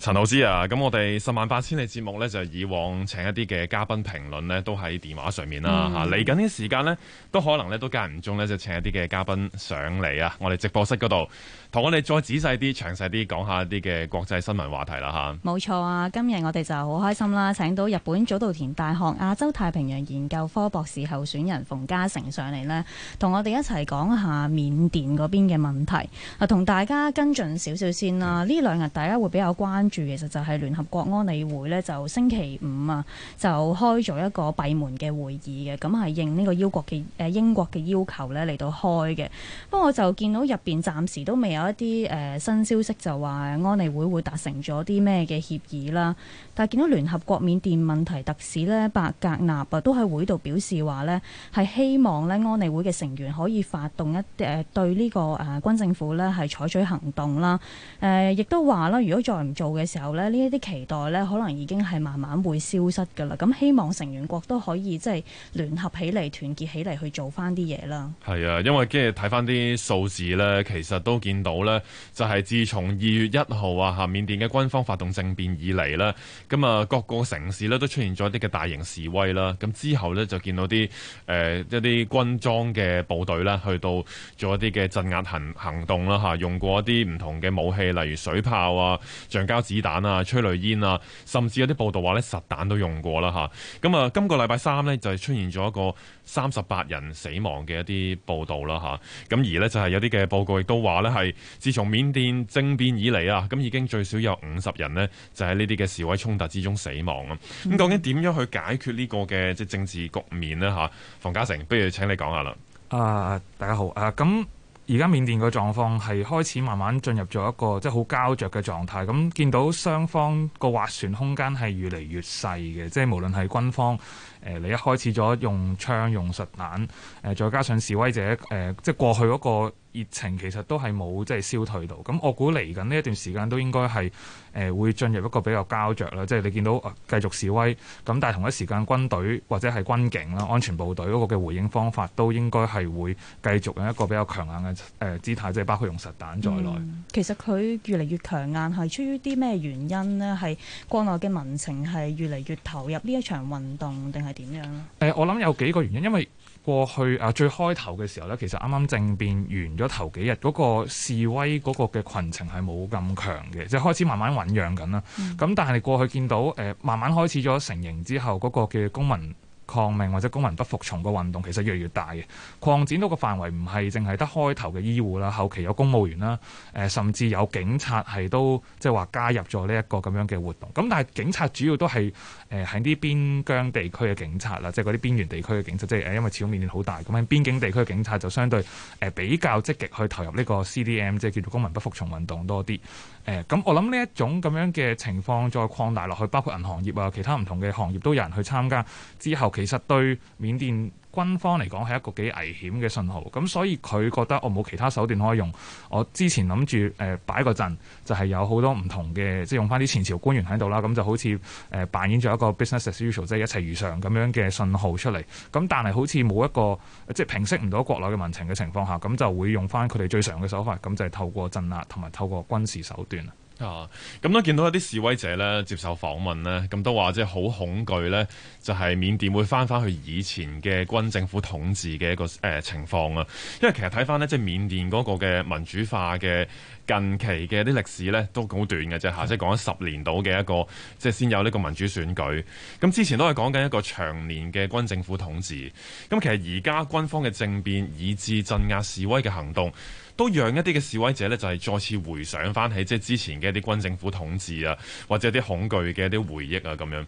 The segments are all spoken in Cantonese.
陳老師啊，咁我哋十萬八千里節目呢，就以往請一啲嘅嘉賓評論呢，都喺電話上面啦嚇。嚟緊啲時間呢，都可能呢，都間唔中呢，就請一啲嘅嘉賓上嚟啊，我哋直播室嗰度，同我哋再仔細啲、詳細啲講下一啲嘅國際新聞話題啦嚇。啊、冇錯啊，今日我哋就好開心啦，請到日本早稻田大學亞洲太平洋研究科博士候選人馮嘉誠上嚟呢，同我哋一齊講下緬甸嗰邊嘅問題。啊，同大家跟進少少先啦，嗯、呢兩日大家會比較關住其實就係聯合國安理會呢就星期五啊，就開咗一個閉門嘅會議嘅，咁係應呢個要國嘅誒、呃、英國嘅要求呢嚟到開嘅。不過我就見到入邊暫時都未有一啲誒、呃、新消息，就話安理會會達成咗啲咩嘅協議啦。但係見到聯合國緬甸問題特使呢，白格納啊，都喺會度表示話呢，係希望呢安理會嘅成員可以發動一啲誒、呃、對呢、呢個誒、呃、軍政府呢，係採取行動啦。誒、呃、亦都話啦，如果再唔做嘅嘅時候咧，呢一啲期待咧，可能已經係慢慢會消失噶啦。咁希望成員國都可以即係聯合起嚟，團結起嚟去做翻啲嘢啦。係啊，因為即係睇翻啲數字咧，其實都見到咧，就係自從二月一號啊，哈，緬甸嘅軍方發動政變以嚟咧，咁啊各個城市咧都出現咗一啲嘅大型示威啦。咁之後咧就見到啲誒一啲、呃、軍裝嘅部隊啦，去到做一啲嘅鎮壓行行動啦，吓用過一啲唔同嘅武器，例如水炮啊、橡膠。子彈啊、催淚煙啦，甚至有啲報道話咧實彈都用過啦吓。咁啊，今個禮拜三、啊、呢，就係出現咗一個三十八人死亡嘅一啲報道啦吓。咁而呢就係有啲嘅報告亦都話呢，係自從緬甸政變以嚟啊，咁已經最少有五十人呢，就喺呢啲嘅示威衝突之中死亡啊。咁、嗯、究竟點樣去解決呢個嘅即係政治局面呢？吓、啊？馮嘉誠，不如請你講下啦。啊，大家好啊，咁。而家緬甸個狀況係開始慢慢進入咗一個即係好膠着嘅狀態，咁見到雙方個斡旋空間係越嚟越細嘅，即係無論係軍方誒、呃，你一開始咗用槍用實彈，誒、呃、再加上示威者誒、呃，即係過去嗰、那個。熱情其實都係冇即係消退到，咁我估嚟緊呢一段時間都應該係誒、呃、會進入一個比較膠着啦，即係你見到繼續示威，咁但係同一時間軍隊或者係軍警啦、安全部隊嗰個嘅回應方法都應該係會繼續用一個比較強硬嘅誒姿態，即係包括用實彈在內。嗯、其實佢越嚟越強硬係出於啲咩原因呢？係國內嘅民情係越嚟越投入呢一場運動定係點樣呢？誒、呃，我諗有幾個原因，因為。過去啊，最開頭嘅時候呢，其實啱啱政變完咗頭幾日，嗰、那個示威嗰個嘅群情係冇咁強嘅，即係開始慢慢醖釀緊啦。咁、嗯、但係你過去見到誒、呃，慢慢開始咗成形之後，嗰、那個叫公民抗命或者公民不服從嘅運動，其實越嚟越大嘅，擴展到個範圍唔係淨係得開頭嘅醫護啦，後期有公務員啦，誒、呃、甚至有警察係都即係話加入咗呢一個咁樣嘅活動。咁但係警察主要都係。誒喺啲邊疆地區嘅警察啦，即係嗰啲邊緣地區嘅警察，即係因為始終面積好大，咁喺邊境地區嘅警察就相對誒比較積極去投入呢個 CDM，即係叫做公民不服從運動多啲。咁、呃，我諗呢一種咁樣嘅情況再擴大落去，包括銀行業啊，其他唔同嘅行業都有人去參加之後，其實對緬甸軍方嚟講係一個幾危險嘅信號，咁所以佢覺得我冇其他手段可以用。我之前諗住誒擺個陣，就係、是、有好多唔同嘅，即係用翻啲前朝官員喺度啦，咁就好似誒、呃、扮演咗一個 business as usual，即係一切如常咁樣嘅信號出嚟。咁但係好似冇一個即係平息唔到國內嘅民情嘅情況下，咁就會用翻佢哋最常嘅手法，咁就係透過鎮壓同埋透過軍事手段啊！咁都見到有啲示威者咧接受訪問呢咁都話即係好恐懼呢就係、是、緬甸會翻翻去以前嘅軍政府統治嘅一個誒、呃、情況啊！因為其實睇翻呢，即、就、係、是、緬甸嗰個嘅民主化嘅近期嘅啲歷史呢都好短嘅啫嚇，即係講咗十年到嘅一個，即、就、係、是、先有呢個民主選舉。咁之前都係講緊一個長年嘅軍政府統治。咁其實而家軍方嘅政變以至鎮壓示威嘅行動。都讓一啲嘅示威者呢，就係、是、再次回想翻起即係之前嘅一啲軍政府統治啊，或者一啲恐懼嘅一啲回憶啊咁樣。誒、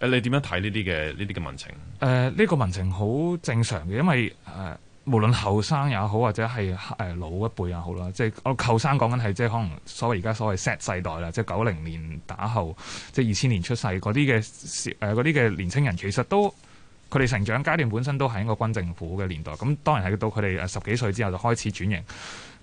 呃，你點樣睇呢啲嘅呢啲嘅民情？誒、呃，呢、這個民情好正常嘅，因為誒、呃，無論後生也好，或者係誒、呃、老一輩也好啦。即係我後生講緊係即係可能所謂而家所謂 Z 世代啦，即係九零年打後，即係二千年出世嗰啲嘅誒嗰啲嘅年青人，其實都。佢哋成長階段本身都喺一個軍政府嘅年代，咁當然係到佢哋誒十幾歲之後就開始轉型，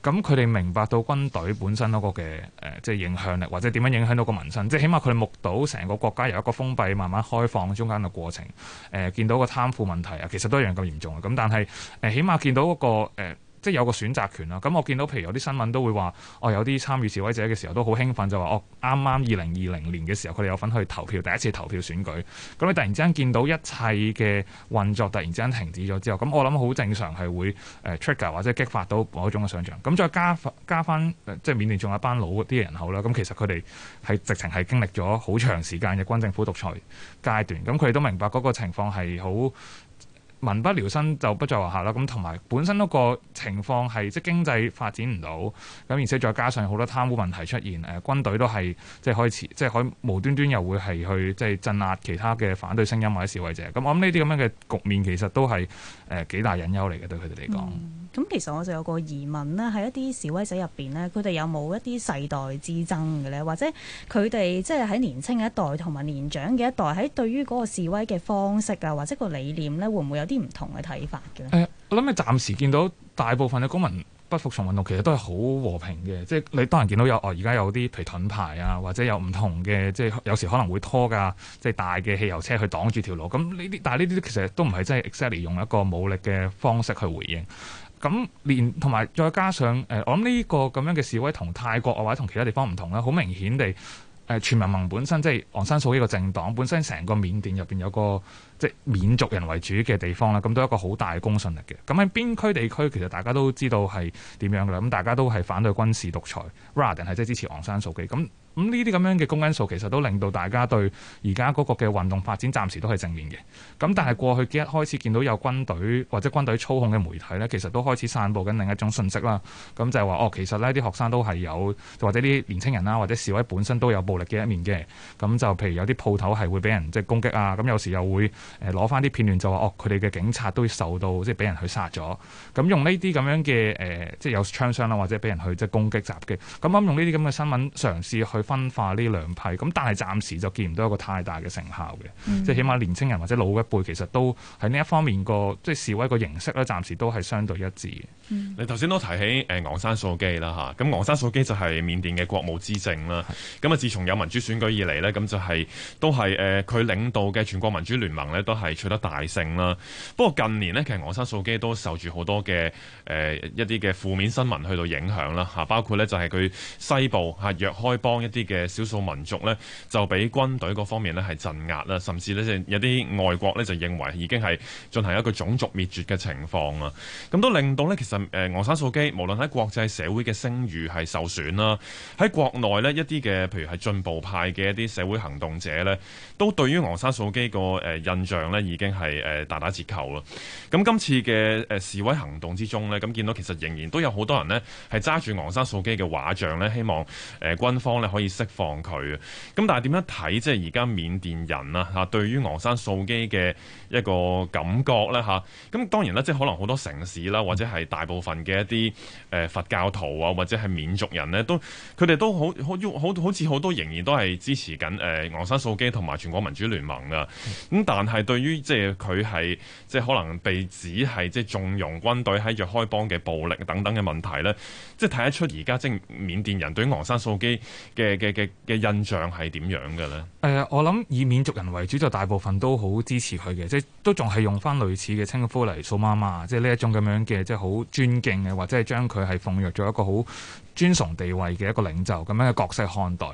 咁佢哋明白到軍隊本身嗰個嘅誒、呃、即係影響力，或者點樣影響到個民生，即係起碼佢哋目睹成個國家由一個封閉慢慢開放中間嘅過程，誒、呃、見到個貪腐問題啊，其實都一樣咁嚴重，咁但係誒、呃、起碼見到嗰、嗰個、呃即係有個選擇權啦。咁我見到，譬如有啲新聞都會話，我、哦、有啲參與示威者嘅時候都好興奮，就話我啱啱二零二零年嘅時候，佢哋有份去投票，第一次投票選舉。咁你突然之間見到一切嘅運作突然之間停止咗之後，咁我諗好正常係會誒 trigger 或者激發到某種嘅想象。咁再加加翻、呃，即係緬甸仲有一班老啲嘅人口啦。咁其實佢哋係直情係經歷咗好長時間嘅軍政府獨裁階段。咁佢哋都明白嗰個情況係好。民不聊生就不在話下啦，咁同埋本身嗰個情況係即經濟發展唔到，咁而且再加上好多貪污問題出現，誒、呃、軍隊都係即開始，即係可以即可以無端端又會係去即鎮壓其他嘅反對聲音或者示威者，咁我諗呢啲咁樣嘅局面其實都係誒、呃、幾大隱憂嚟嘅，對佢哋嚟講。嗯咁其實我就有個疑問啦，喺一啲示威者入邊咧，佢哋有冇一啲世代之爭嘅咧？或者佢哋即係喺年輕嘅一代同埋年長嘅一代，喺對於嗰個示威嘅方式啊，或者個理念咧，會唔會有啲唔同嘅睇法嘅咧、哎？我諗你暫時見到大部分嘅公民不服從運動其實都係好和平嘅，即係你當然見到有哦，而家有啲皮盾牌啊，或者有唔同嘅，即係有時可能會拖架，即係大嘅汽油車去擋住條路。咁呢啲，但係呢啲其實都唔係真係 exactly 用一個武力嘅方式去回應。咁連同埋再加上誒、呃，我諗呢個咁樣嘅示威同泰國或者同其他地方唔同啦，好明顯地誒、呃、全民盟本身即係昂山素姬個政黨本身成個緬甸入邊有個即係緬族人為主嘅地方啦，咁都一個好大嘅公信力嘅。咁喺邊區地區其實大家都知道係點樣噶啦，咁大家都係反對軍事獨裁 rather than 係即係支持昂山素姬咁。咁呢啲咁樣嘅公因素其實都令到大家對而家嗰個嘅運動發展暫時都係正面嘅。咁、嗯、但係過去幾日開始見到有軍隊或者軍隊操控嘅媒體呢，其實都開始散佈緊另一種信息啦。咁、嗯、就係、是、話哦，其實呢啲學生都係有，或者啲年輕人啦，或者示威本身都有暴力嘅一面嘅。咁、嗯、就譬如有啲鋪頭係會俾人即係攻擊啊。咁、嗯、有時又會誒攞翻啲片段就話哦，佢哋嘅警察都受到即係俾人去殺咗。咁、嗯、用呢啲咁樣嘅誒、呃，即係有槍傷啦，或者俾人去即係攻擊襲擊。咁、嗯、用呢啲咁嘅新聞嘗試去分化呢兩派，咁但係暫時就見唔到一個太大嘅成效嘅，即係、嗯、起碼年青人或者老一輩其實都喺呢一方面個即係示威個形式咧，暫時都係相對一致嘅。嗯、你頭先都提起誒昂山素基昂山素姬啦嚇，咁昂山素姬就係緬甸嘅國務資政啦，咁啊的自從有民主選舉以嚟呢，咁就係都係誒佢領導嘅全國民主聯盟呢，都係取得大勝啦。不過近年呢，其實昂山素姬都受住好多嘅誒一啲嘅負面新聞去到影響啦嚇，包括呢，就係佢西部嚇若開邦啲嘅少數民族咧，就俾軍隊嗰方面呢係鎮壓啦，甚至呢即有啲外國呢就認為已經係進行一個種族滅絕嘅情況啊！咁都令到呢，其實誒、呃、昂山素基無論喺國際社會嘅聲譽係受損啦、啊，喺國內呢一啲嘅譬如係進步派嘅一啲社會行動者呢，都對於昂山素基個誒印象呢已經係誒大打折扣啦。咁今次嘅誒、呃、示威行動之中呢，咁見到其實仍然都有好多人呢係揸住昂山素基嘅畫像呢，希望誒、呃呃呃呃呃、軍方咧可以釋放佢啊！咁但係點樣睇？即係而家緬甸人啊，吓，對於昂山素姬嘅一個感覺咧吓，咁當然啦，即係可能好多城市啦，或者係大部分嘅一啲誒佛教徒啊，或者係緬族人咧，都佢哋都好好好，好似好多仍然都係支持緊誒昂山素姬同埋全國民主聯盟啊。咁但係對於即係佢係即係可能被指係即係縱容軍隊喺若開邦嘅暴力等等嘅問題咧，即係睇得出而家即係緬甸人對於昂山素姬嘅。嘅嘅嘅嘅印象係點樣嘅咧？誒、呃，我諗以緬族人為主，就大部分都好支持佢嘅，即係都仲係用翻類似嘅稱呼嚟數媽媽，即係呢一種咁樣嘅，即係好尊敬嘅，或者係將佢係奉若咗一個好尊崇地位嘅一個領袖咁樣嘅角色看待。誒、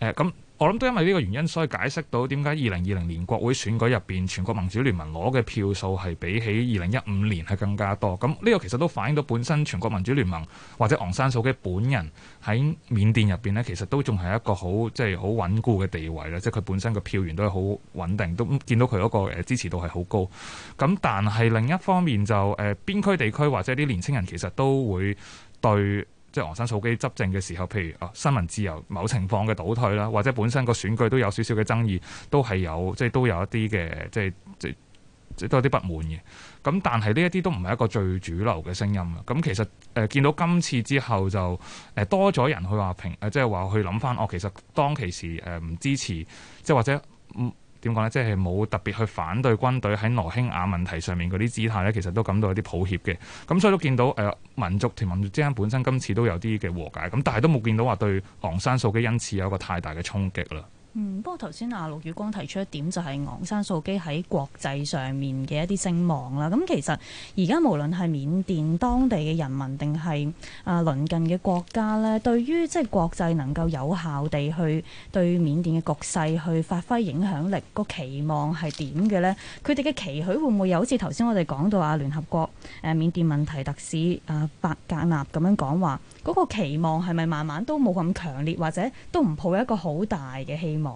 呃，咁、嗯。我諗都因為呢個原因，所以解釋到點解二零二零年國會選舉入邊，全國民主聯盟攞嘅票數係比起二零一五年係更加多。咁、嗯、呢、呢個其實都反映到本身全國民主聯盟或者昂山素姬本人喺緬甸入邊呢，其實都仲係一個好即係好穩固嘅地位咧。即係佢本身嘅票源都係好穩定，都見到佢嗰個支持度係好高。咁、嗯、但係另一方面就誒邊區地區或者啲年輕人其實都會對即係昂山素姬執政嘅時候，譬如啊新聞自由某情況嘅倒退啦，或者本身個選舉都有少少嘅爭議，都係有即係都有一啲嘅即係即即都有啲不滿嘅。咁但係呢一啲都唔係一個最主流嘅聲音啊。咁其實誒、呃、見到今次之後就誒、呃、多咗人去話平誒、呃，即係話去諗翻哦，其實當其時誒唔、呃、支持即係或者唔。嗯點講呢？即係冇特別去反對軍隊喺羅興亞問題上面嗰啲姿態呢，其實都感到有啲抱歉嘅。咁所以都見到誒、呃、民族同民族之間本身今次都有啲嘅和解。咁但係都冇見到話對昂山素姬因此有一個太大嘅衝擊啦。嗯，不過頭先阿陸宇光提出一點，就係昂山素姬喺國際上面嘅一啲聲望啦。咁、嗯、其實而家無論係緬甸當地嘅人民定係啊鄰近嘅國家咧，對於即係國際能夠有效地去對緬甸嘅局勢去發揮影響力，個期望係點嘅咧？佢哋嘅期許會唔會有好似頭先我哋講到啊，聯合國誒、呃、緬甸問題特使啊白、呃、格納咁樣講，話個期望係咪慢慢都冇咁強烈，或者都唔抱一個好大嘅希望？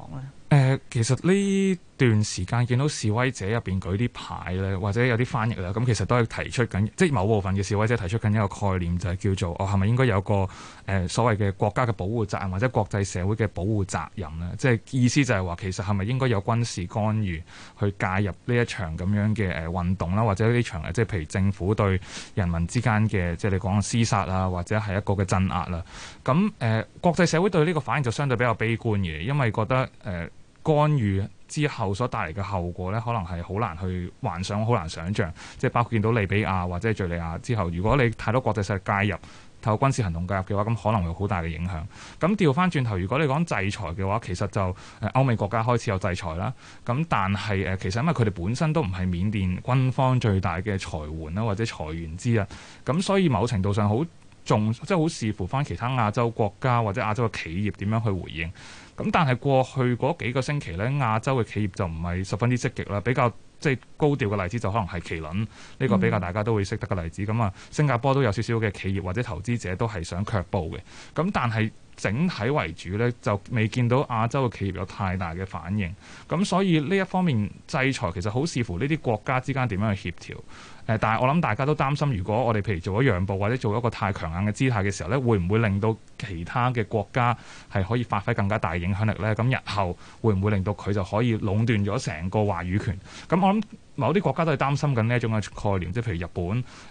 誒，其實呢～段時間見到示威者入邊舉啲牌咧，或者有啲翻譯咧，咁其實都係提出緊，即係某部分嘅示威者提出緊一個概念，就係、是、叫做哦，係咪應該有個誒、呃、所謂嘅國家嘅保護責任，或者國際社會嘅保護責任咧？即係意思就係話，其實係咪應該有軍事干預去介入呢一場咁樣嘅誒運動啦，或者呢場即係譬如政府對人民之間嘅即係你講嘅廝殺啊，或者係一個嘅鎮壓啦？咁誒、呃，國際社會對呢個反應就相對比較悲觀嘅，因為覺得誒、呃、干預。之後所帶嚟嘅後果呢，可能係好難去幻想，好難想像。即係包括見到利比亞或者係敍利亞之後，如果你太多國際勢力介入，透過軍事行動介入嘅話，咁可能會好大嘅影響。咁調翻轉頭，如果你講制裁嘅話，其實就歐美國家開始有制裁啦。咁但係誒，其實因為佢哋本身都唔係緬甸軍方最大嘅財源啦，或者財源資啊。咁所以某程度上好重，即係好視乎翻其他亞洲國家或者亞洲嘅企業點樣去回應。咁但係過去嗰幾個星期咧，亞洲嘅企業就唔係十分之積極啦，比較即係高調嘅例子就可能係麒麟呢個比較大家都會識得嘅例子。咁啊、嗯，新加坡都有少少嘅企業或者投資者都係想卻步嘅。咁但係整體為主咧，就未見到亞洲嘅企業有太大嘅反應，咁所以呢一方面制裁其實好視乎呢啲國家之間點樣去協調。誒，但係我諗大家都擔心，如果我哋譬如做咗讓步，或者做一個太強硬嘅姿態嘅時候呢，會唔會令到其他嘅國家係可以發揮更加大影響力呢？咁日後會唔會令到佢就可以壟斷咗成個話語權？咁我諗。某啲國家都係擔心緊呢一種嘅概念，即係譬如日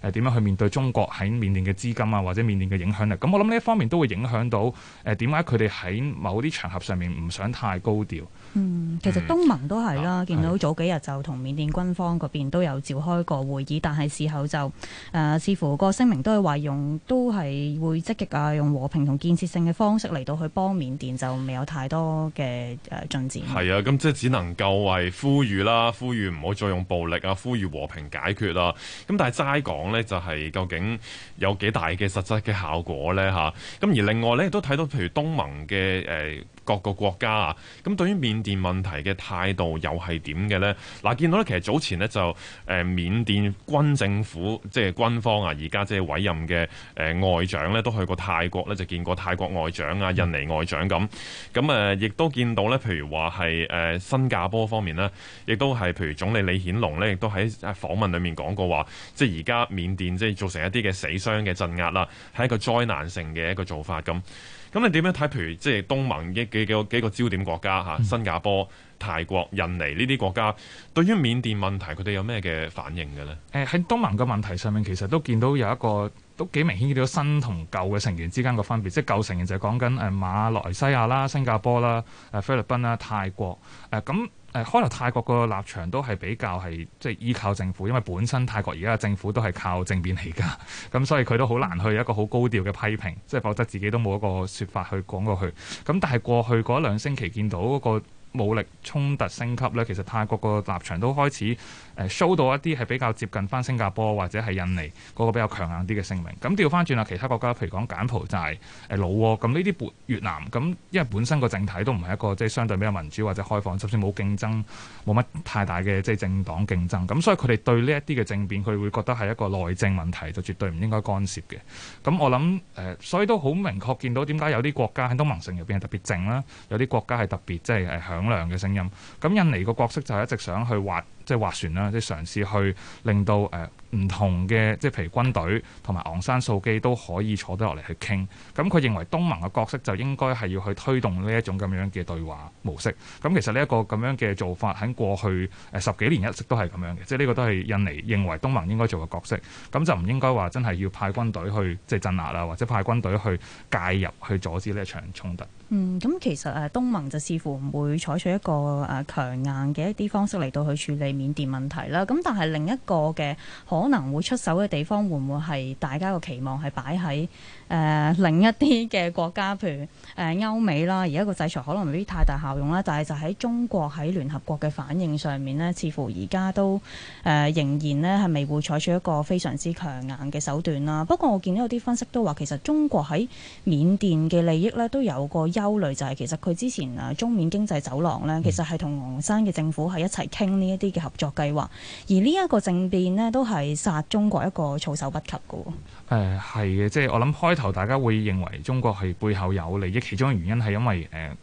本誒點、呃、樣去面對中國喺緬甸嘅資金啊，或者緬甸嘅影響力。咁我諗呢一方面都會影響到誒點解佢哋喺某啲場合上面唔想太高調。嗯，其實東盟都係啦，嗯、見到早幾日就同緬甸軍方嗰邊都有召開過會議，但係事後就誒、呃、似乎個聲明都係話用都係會積極啊，用和平同建設性嘅方式嚟到去幫緬甸，就未有太多嘅誒、呃、進展。係啊，咁即係只能夠係呼籲啦，呼籲唔好再用暴力啊，呼籲和平解決啊，咁但係齋講咧，就係、是、究竟有幾大嘅實質嘅效果咧吓，咁、啊、而另外咧，亦都睇到譬如東盟嘅誒、呃、各個國家啊，咁對於緬甸問題嘅態度又係點嘅咧？嗱、啊，見到咧，其實早前咧就誒緬、呃、甸軍政府即係軍方啊，而家即係委任嘅誒、呃、外長咧，都去過泰國咧，就見過泰國外長啊、印尼外長咁。咁誒亦都見到咧，譬如話係誒新加坡方面咧，亦都係譬如總理李顯。龍咧亦都喺訪問裡面講過話，即係而家緬甸即係造成一啲嘅死傷嘅鎮壓啦，係一個災難性嘅一個做法咁。咁你點樣睇？譬如即係東盟嘅幾個幾個焦點國家吓，新加坡、泰國、印尼呢啲國家，對於緬甸問題佢哋有咩嘅反應嘅咧？誒喺、呃、東盟嘅問題上面，其實都見到有一個都幾明顯見到新同舊嘅成員之間個分別，即係舊成員就講緊誒馬來西亞啦、新加坡啦、誒菲律賓啦、泰國誒咁。呃誒，可能泰國個立場都係比較係即係依靠政府，因為本身泰國而家嘅政府都係靠政變嚟㗎，咁、嗯、所以佢都好難去一個好高調嘅批評，即係否則自己都冇一個説法去講過去。咁、嗯、但係過去嗰一兩星期見到嗰、那個。武力衝突升級呢，其實泰國個立場都開始誒 show 到一啲係比較接近翻新加坡或者係印尼嗰個比較強硬啲嘅聲明。咁調翻轉啦，其他國家譬如講柬埔寨、誒、呃、老撾、哦，咁呢啲越南，咁、嗯、因為本身個政體都唔係一個即係相對比較民主或者開放，就算冇競爭，冇乜太大嘅即係政黨競爭。咁、嗯、所以佢哋對呢一啲嘅政變，佢會覺得係一個內政問題，就絕對唔應該干涉嘅。咁、嗯、我諗誒、呃，所以都好明確見到點解有啲國家喺東盟城入邊係特別靜啦，有啲國家係特別、就是、即係係響響亮嘅聲音，咁印尼個角色就係一直想去挖。即係劃船啦，即係嘗試去令到誒唔、呃、同嘅，即係譬如軍隊同埋昂山素姬都可以坐得落嚟去傾。咁佢認為東盟嘅角色就應該係要去推動呢一種咁樣嘅對話模式。咁其實呢一個咁樣嘅做法喺過去誒十幾年一直都係咁樣嘅，即係呢個都係印尼認為東盟應該做嘅角色。咁就唔應該話真係要派軍隊去即係鎮壓啦，或者派軍隊去介入去阻止呢一場衝突。嗯，咁、嗯、其實誒、啊、東盟就似乎唔會採取一個誒強硬嘅一啲方式嚟到去處理。緬甸問題啦，咁但係另一個嘅可能會出手嘅地方，會唔會係大家嘅期望係擺喺？誒、呃、另一啲嘅國家，譬如誒、呃、歐美啦，而家個制裁可能未必太大效用啦。但係就喺中國喺聯合國嘅反應上面呢，似乎而家都誒、呃、仍然呢係未會採取一個非常之強硬嘅手段啦。不過我見到有啲分析都話，其實中國喺緬甸嘅利益呢都有個憂慮，就係、是、其實佢之前啊中緬經濟走廊呢，其實係同昂山嘅政府係一齊傾呢一啲嘅合作計劃。而呢一個政變呢，都係殺中國一個措手不及嘅。誒係嘅，即係我諗開。後大家會認為中國係背後有利益，其中嘅原因係因為誒。呃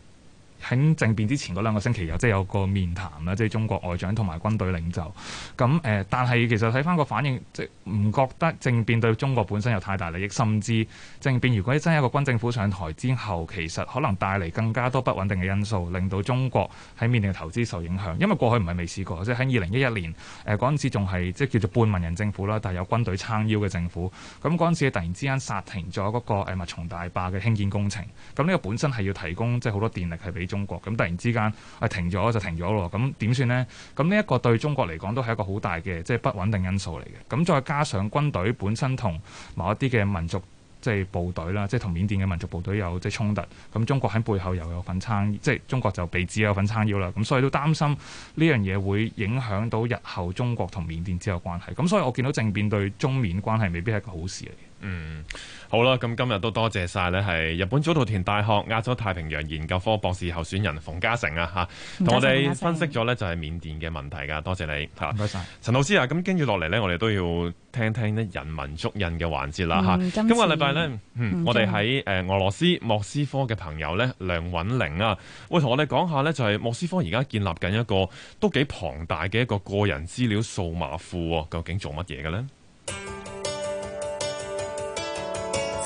喺政變之前嗰兩個星期有即係有個面談啦，即係中國外長同埋軍隊領袖。咁誒，但係其實睇翻個反應，即唔覺得政變對中國本身有太大利益。甚至政變如果真係一個軍政府上台之後，其實可能帶嚟更加多不穩定嘅因素，令到中國喺緬甸嘅投資受影響。因為過去唔係未試過，即係喺二零一一年誒嗰陣時仲係即係叫做半文人政府啦，但係有軍隊撐腰嘅政府。咁嗰陣時突然之間剎停咗嗰個密松大壩嘅興建工程。咁呢個本身係要提供即係好多電力係俾。中國咁突然之間係停咗就停咗咯，咁點算呢？咁呢一個對中國嚟講都係一個好大嘅即係不穩定因素嚟嘅。咁再加上軍隊本身同某一啲嘅民族即係、就是、部隊啦，即係同緬甸嘅民族部隊有即係、就是、衝突，咁中國喺背後又有份撐，即、就、係、是、中國就被指有份撐腰啦。咁所以都擔心呢樣嘢會影響到日後中國同緬甸之間嘅關係。咁所以我見到政變對中緬關係未必係一個好事嚟。嗯，好啦，咁今日都多謝晒呢係日本早稻田大學亞洲太平洋研究科博士候選人馮嘉誠啊，吓同我哋分析咗呢，就係緬甸嘅問題噶，多謝你，唔該晒，陳老師啊，咁跟住落嚟呢，我哋都要聽聽咧人文足印嘅環節啦，吓、嗯，今個禮拜呢，嗯、聽我哋喺誒俄羅斯莫斯科嘅朋友呢，梁尹齡啊，會同我哋講下呢，就係莫斯科而家建立緊一個都幾龐大嘅一個個人資料數碼庫，究竟做乜嘢嘅呢？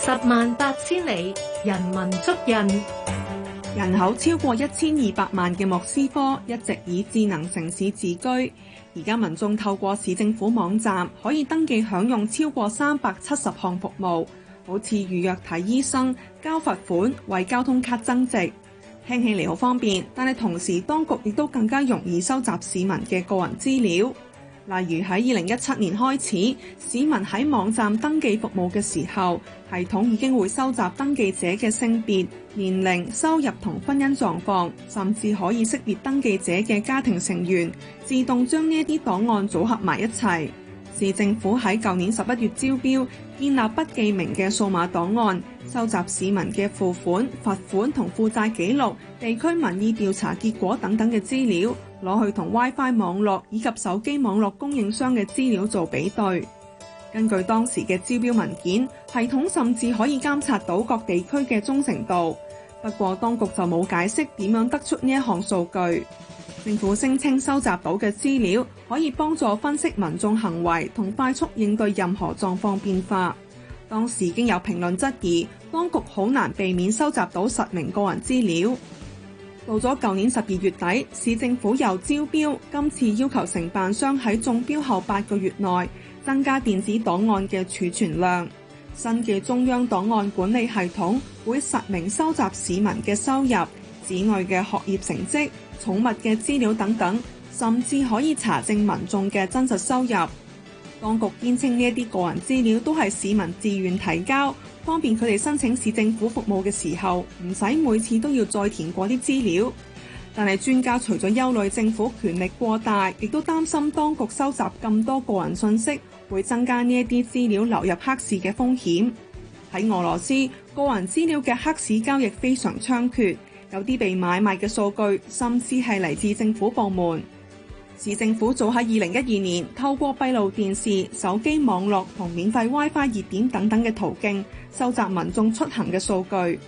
十萬八千里，人文足印。人口超過一千二百萬嘅莫斯科一直以智能城市自居。而家民眾透過市政府網站可以登記享用超過三百七十項服務，好似預約睇醫生、交罰款、為交通卡增值，聽起嚟，好方便。但係同時，當局亦都更加容易收集市民嘅個人資料。例如喺二零一七年開始，市民喺網站登記服務嘅時候，系統已經會收集登記者嘅性別、年齡、收入同婚姻狀況，甚至可以識別登記者嘅家庭成員，自動將呢啲檔案組合埋一齊。市政府喺舊年十一月招標建立不記名嘅數碼檔案。收集市民嘅付款、罰款同負債記錄、地區民意調查結果等等嘅資料，攞去同 WiFi 網絡以及手機網絡供應商嘅資料做比對，根據當時嘅招標文件，系統甚至可以監察到各地區嘅忠誠度。不過當局就冇解釋點樣得出呢一項數據，政府聲稱收集到嘅資料可以幫助分析民眾行為同快速應對任何狀況變化。當時已經有評論質疑，當局好難避免收集到實名個人資料。到咗舊年十二月底，市政府又招標，今次要求承辦商喺中標後八個月內增加電子檔案嘅儲存量。新嘅中央檔案管理系統會實名收集市民嘅收入、子女嘅學業成績、寵物嘅資料等等，甚至可以查證民眾嘅真實收入。當局堅稱呢一啲個人資料都係市民自願提交，方便佢哋申請市政府服務嘅時候，唔使每次都要再填過啲資料。但係專家除咗憂慮政府權力過大，亦都擔心當局收集咁多個人信息會增加呢一啲資料流入黑市嘅風險。喺俄羅斯，個人資料嘅黑市交易非常猖獗，有啲被買賣嘅數據甚至係嚟自政府部門。市政府早喺二零一二年透過閉路電視、手機網絡同免費 WiFi 熱點等等嘅途徑收集民眾出行嘅數據。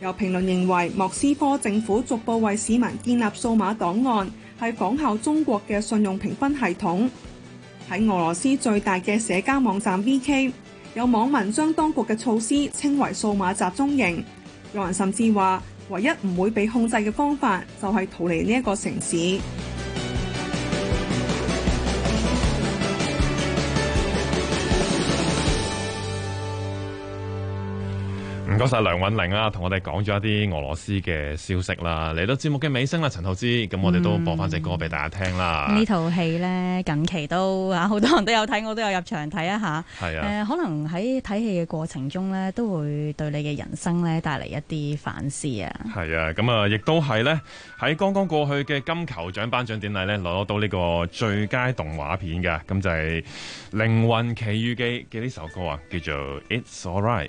有評論認為莫斯科政府逐步為市民建立數碼檔案，係仿效中國嘅信用評分系統。喺俄羅斯最大嘅社交網站 VK，有網民將當局嘅措施稱為數碼集中營，有人甚至話唯一唔會被控制嘅方法就係逃離呢一個城市。多謝梁尹齡啊，同我哋講咗一啲俄羅斯嘅消息啦。嚟到節目嘅尾聲啦，陳浩之，咁我哋都播翻隻歌俾大家聽啦。嗯、戲呢套戲咧，近期都啊，好多人都有睇，我都有入場睇一下。係啊、呃。可能喺睇戲嘅過程中咧，都會對你嘅人生咧帶嚟一啲反思啊。係啊，咁啊，亦都係咧喺剛剛過去嘅金球獎頒獎典禮咧，攞到呢個最佳動畫片嘅，咁就係、是《靈魂奇遇記》嘅呢首歌啊，叫做《It's All Right》。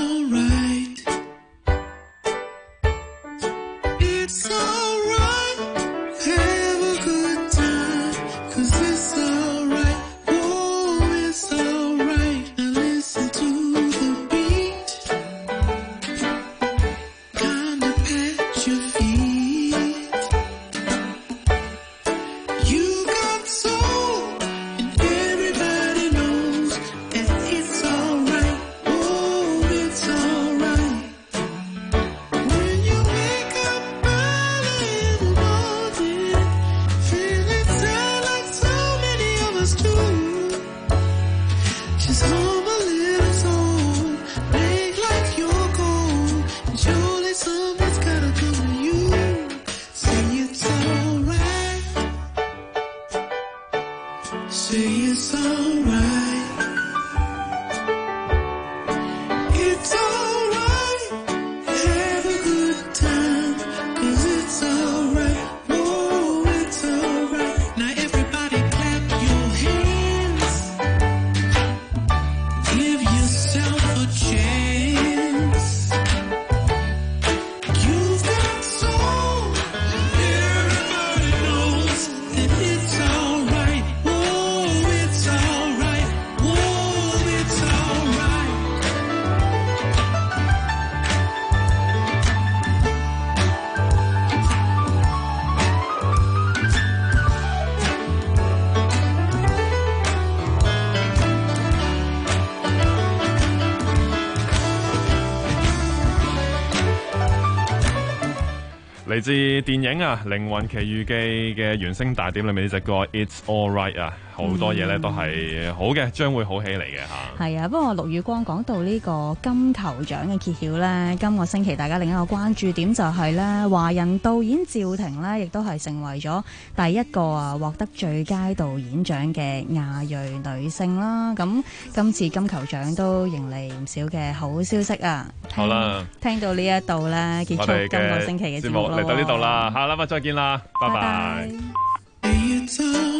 自電影啊《啊靈魂奇遇記》嘅原聲大碟裏面呢隻歌《It's All Right》啊。多好多嘢咧都係好嘅，將會好起嚟嘅嚇。係啊，啊，不過陸雨光講到呢個金球獎嘅揭曉呢，今個星期大家另一個關注點就係呢，華人導演趙婷呢，亦都係成為咗第一個啊獲得最佳導演獎嘅亞裔女性啦。咁今次金球獎都迎嚟唔少嘅好消息啊！好啦吧，聽到呢一度呢，結束們今個星期嘅節目，嚟到呢度啦，嚇啦，下禮拜吧再見啦，拜拜。Bye bye.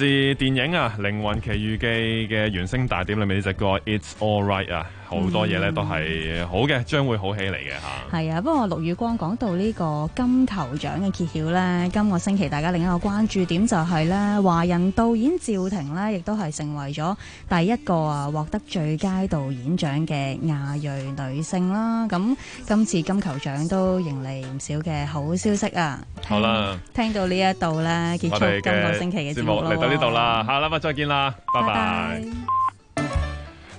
是電影啊《啊靈魂奇遇記》嘅原聲大碟裏面呢隻歌《It's All Right》啊。多好多嘢咧都係好嘅，將會好起嚟嘅嚇。係、嗯、啊，不過陸宇光講到呢個金球獎嘅揭曉呢，今個星期大家另一個關注點就係呢，華人導演趙婷呢亦都係成為咗第一個啊獲得最佳導演獎嘅亞裔女性啦。咁今次金球獎都迎嚟唔少嘅好消息啊！好啦吧，聽到呢一度呢結束們今個星期嘅節目，嚟到呢度啦，啦吧下禮拜再見啦，拜拜。拜拜。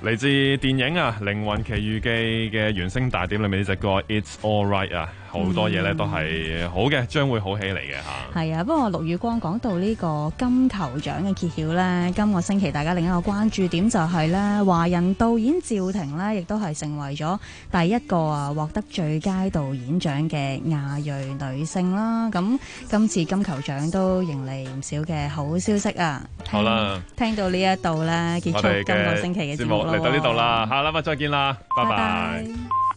嚟自電影啊《啊靈魂奇遇記》嘅原聲大碟裏面，呢隻歌《It's All Right》啊。多好多嘢咧都係好嘅，將會好起嚟嘅嚇。係啊，啊，不過陸宇光講到呢個金球獎嘅揭曉呢，今個星期大家另一個關注點就係呢，華人導演趙婷呢，亦都係成為咗第一個啊獲得最佳導演獎嘅亞裔女性啦。咁今次金球獎都迎嚟唔少嘅好消息啊！好啦，聽到呢一度呢，結束今個星期嘅節目，嚟到呢度啦，吧下禮拜再見啦，拜拜。拜拜。